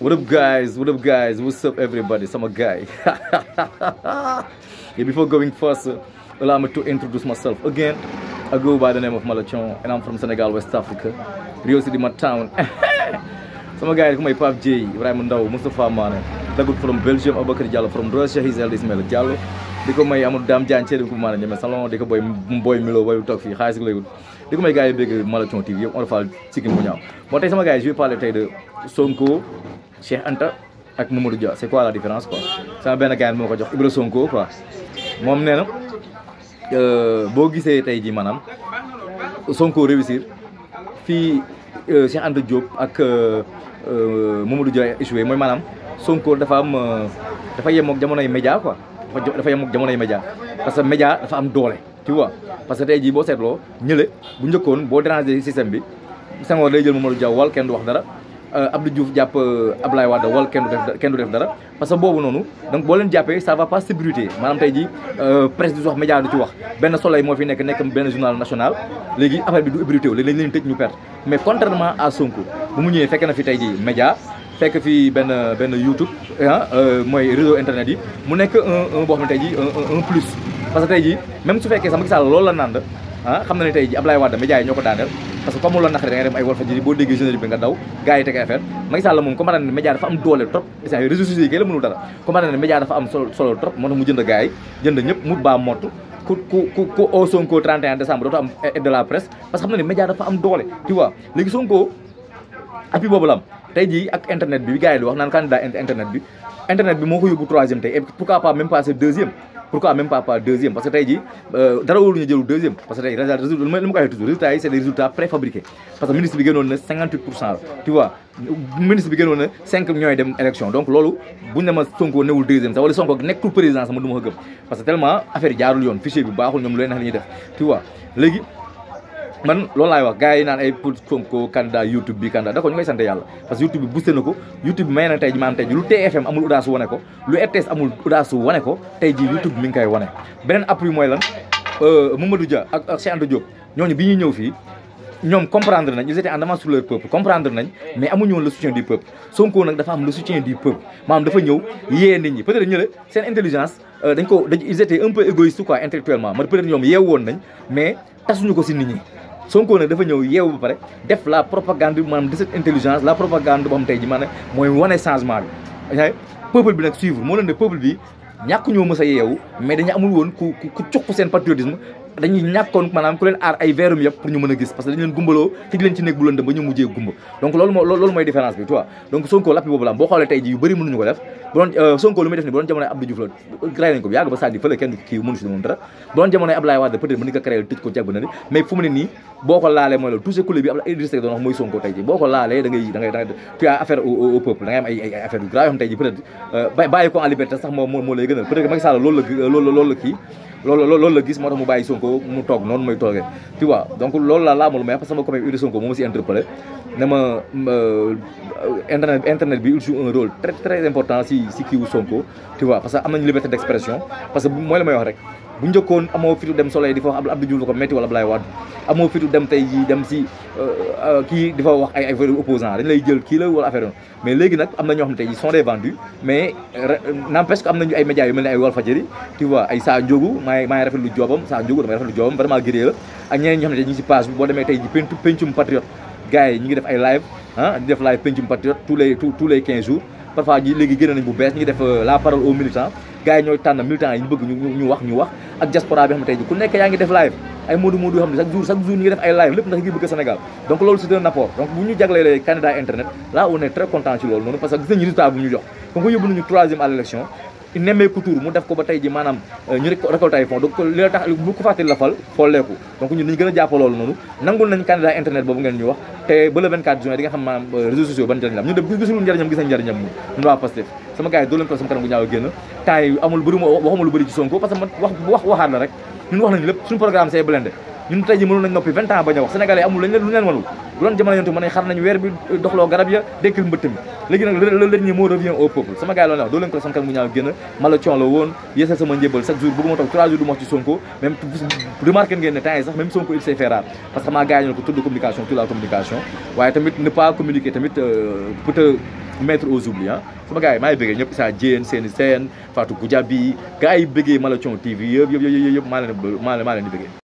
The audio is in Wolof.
What up guys? What up guys? What's up everybody? So I'm a guy. yeah, before going further, allow me to introduce myself again. I go by the name of Malachon and I'm from Senegal, West Africa. Rio City, my town. so my guy, my pap J, Ibrahim Ndao, Mustafa Mane. Dagout from Belgium, Abakar Diallo from Russia, his eldest Mel Diallo. di ko may amul daam jaan ceeb di ko maanaam ñeme salon di ko boy boy milo boy toog fii xaalis gi lay wut di ko may gars yi TV yëpp on le fal sikkim bu ñaaw bon tey sama gars yi je the parler tey de Sonko Cheikh Anta ak Mamadou Dia c'est quoi la différence quoi sama benn gars moo ko jox Ibra Sonko quoi moom nee na euh, boo gisee tey jii maanaam Sonko réussir fii euh, Cheikh Anta Diop ak euh, Mamadou Dia échoué mooy maanaam Sonko dafa am dafa yem ak jamonoy média quoi dafa yem ak jamonoy média parce que média dafa am doole tu parce que tey jii boo seetloo ñële bu njëkkoon boo déranger système bi Senghor day jël Mamadou Dia wal kenn du wax dara Euh, Abdou Diouf jàpp euh, Ablaye Wade wala kenn du def kenn du def dara parce que boobu noonu donc booleen jàppee ça va pas s'ébruiter maanaam tey ji euh, presse du wax média du ci wax benn soleil moo fi nekk nekk benn journal national léegi affaire bi du ébruité wu léegi lañ leen tëj ñu perte mais na fi tey ji média fekk fi benn benn YouTube ah mooy réseau internet yi mu nekk un un boo xam ne tey ji un plus parce que tey ji même su fekkee sax Macky Sall loolu la nand ah xam na ne tey ji Ablaye Wade média yi ñoo ko daaneel parce que comme mu la naqari da ngay dem ay Walfadjri nga daw gars yi teg affaire Macky Sall moom comprendre ne média dafa ne média dafa am solo trop moo tax mu jënd gars yi jënd ñëpp mu baa mott ku ku ku Sonko 31 décembre dootoo am aide de la presse parce que xam ne média dafa am doole tu vois léegi Sonko appui boobu la am tey ak internet bi internet bi moo ko yóbbu troisième tey et pourquoi pas même passer deuxième pourquoi même pas pas deuxième parce que tey ji euh, dara wóolu ñu jëlu deuxième parce que tey li ma ko waxee toujours résultats yi c' est des résultats parce que ministre bi gënoon na 58 pour cent la tu vois ministre bi gënoon na 5 ñooy dem élection donc loolu buñ ne ma Sonko newul deuxième sax wala Sonko nekkul présidence ma du ma ko parce que tellement affaire jaarul yoon fichier bi baaxul ñoom lu leen nax li ñuy tu vois man loolu laay wax gars yi naan ay pour Sonko candidat YouTube bi candidat da ko ñu koy sant yàlla parce que YouTube bi YouTube may na tey ji maanaam tey TFM amul audace wane lu RTS amul audace wane ko ji YouTube mi ngi wane beneen appui mooy lan euh, Mamadou Dia ak Cheikh Anta Diop ñooñu bi ñuy ñëw fii ñoom comprendre nañ ils étaient en avance sur leur peuple comprendre nañ mais amuñu woon le soutien du peuple Sonko dafa am le soutien du peuple maanaam dafa ñëw yee ñi peut-être ñële seen intelligence euh, dañ dañ ils étaient man peut-être ñoom yeewoon mais tasuñu ko si nit ñi Sonko nag dafa ñëw yeewu ba pare def la propagande maanaam de cette intelligence la propagande boo xam tey ji mooy wane changement bi. yaa bi nag suivre moo leen ne bi ñàkk ñoo mës a yeewu mais dañu amul woon ku ku seen patriotisme dañuy ñàkkoon maanaam ku leen ay veerum yëpp pour ñu mën a gis parce que dañu leen loolu mooy différence bi tu donc Sonko l'appui boobu la boo xoolee tey ji yu bëri mënuñu ko def. bu doon euh, Sonko lu muy def ni bu doon jamonoy Abdou Diouf la créé nañ ko bu ba sànni fële kenn kii mënu si moom dara bu doon jamonoy Abdoulaye Wade peut-être mën nañ ko créé tëj ko jàgg na ni mais fu mu ne nii boo ko laalee mooy loolu tout ce coulé bi Abdoulaye Idriss Seck doon wax mooy boo ko laalee da loolu la loolu loolu la kii loolu la gis moo tax mu bàyyi Sonko mu toog noonu mooy toogee tu vois donc loolu la laa ma lu may moo si si Sonko tu vois parce que am nañu liberté d'expression parce que mooy la may wax rek bu njëkkoon amoo fitu dem soleil di fa wax Abdou Diouf la ko metti wala Abdoulaye Wade amoo fitu dem tey jii dem si euh, euh, kii di wax ay ay opposant dañ lay jël kii la wala affaire mais léegi nag am na ñoo xam ne tey sont des vendus mais n'empêche que am nañu ay ay Walfadjri tu vois ay Sa Ndiogou maay xam ne tey ñu ngi si page bi boo demee ji pencum patriote gars yi ñu ngi parfois léegi génne nañ bu bees ñu ngi def euh, la parole aux militants gars yi ñooy tànn militants yi ñu bëgg ñu wax ñu wax ak diaspora xam ne tey ku nekk yaa ngi def live ay moodu moodu xam ne chaque jour chaque jour ñu def ay live lépp ndax ngi bëgg Sénégal donc loolu c'est un apport donc bu ñu jaglelee candidat internet là on est très content loolu noonu parce que gis nañu résultat bu ñu jox kon ko yóbbu nañu troisième à l'élection nemmeeku tur mu def ko ba tey ji maanaam euh, ñu récolté ay bu ko fàttee la fal xolleeku donc ñun dañu gën a jàpp noonu nangul nañ candidat internet boobu ngeen ñu wax te ba le 24 juin di xam maanaam euh, réseaux sociaux ban njëriñ la am waa Pastef sama gars yi doo toog sama kanam bu ñaaw génn temps yi amul bëri waxuma lu bëri ci Sonko parce que wax waxaat la rek ñun wax nañu lépp suñu programme c'est ñun tey ji mënoon nañ noppi vingt ans bañ a wax sénégalais amul lañ leen lu leen wanul bu doon jamono yontu mën nañ xar nañ weer bi doxloo garab ya dékkal mbëtt mi léegi nag le dernier mot revient au peuple sama gars yi loolu wax doo ko la sama njëbal chaque jour bëgguma toog ma wax ci Sonko même remarqué ngeen temps yi tamit ne pas communiquer tamit pour te yëpp yëpp yëpp yëpp maa leen maa leen di bëggee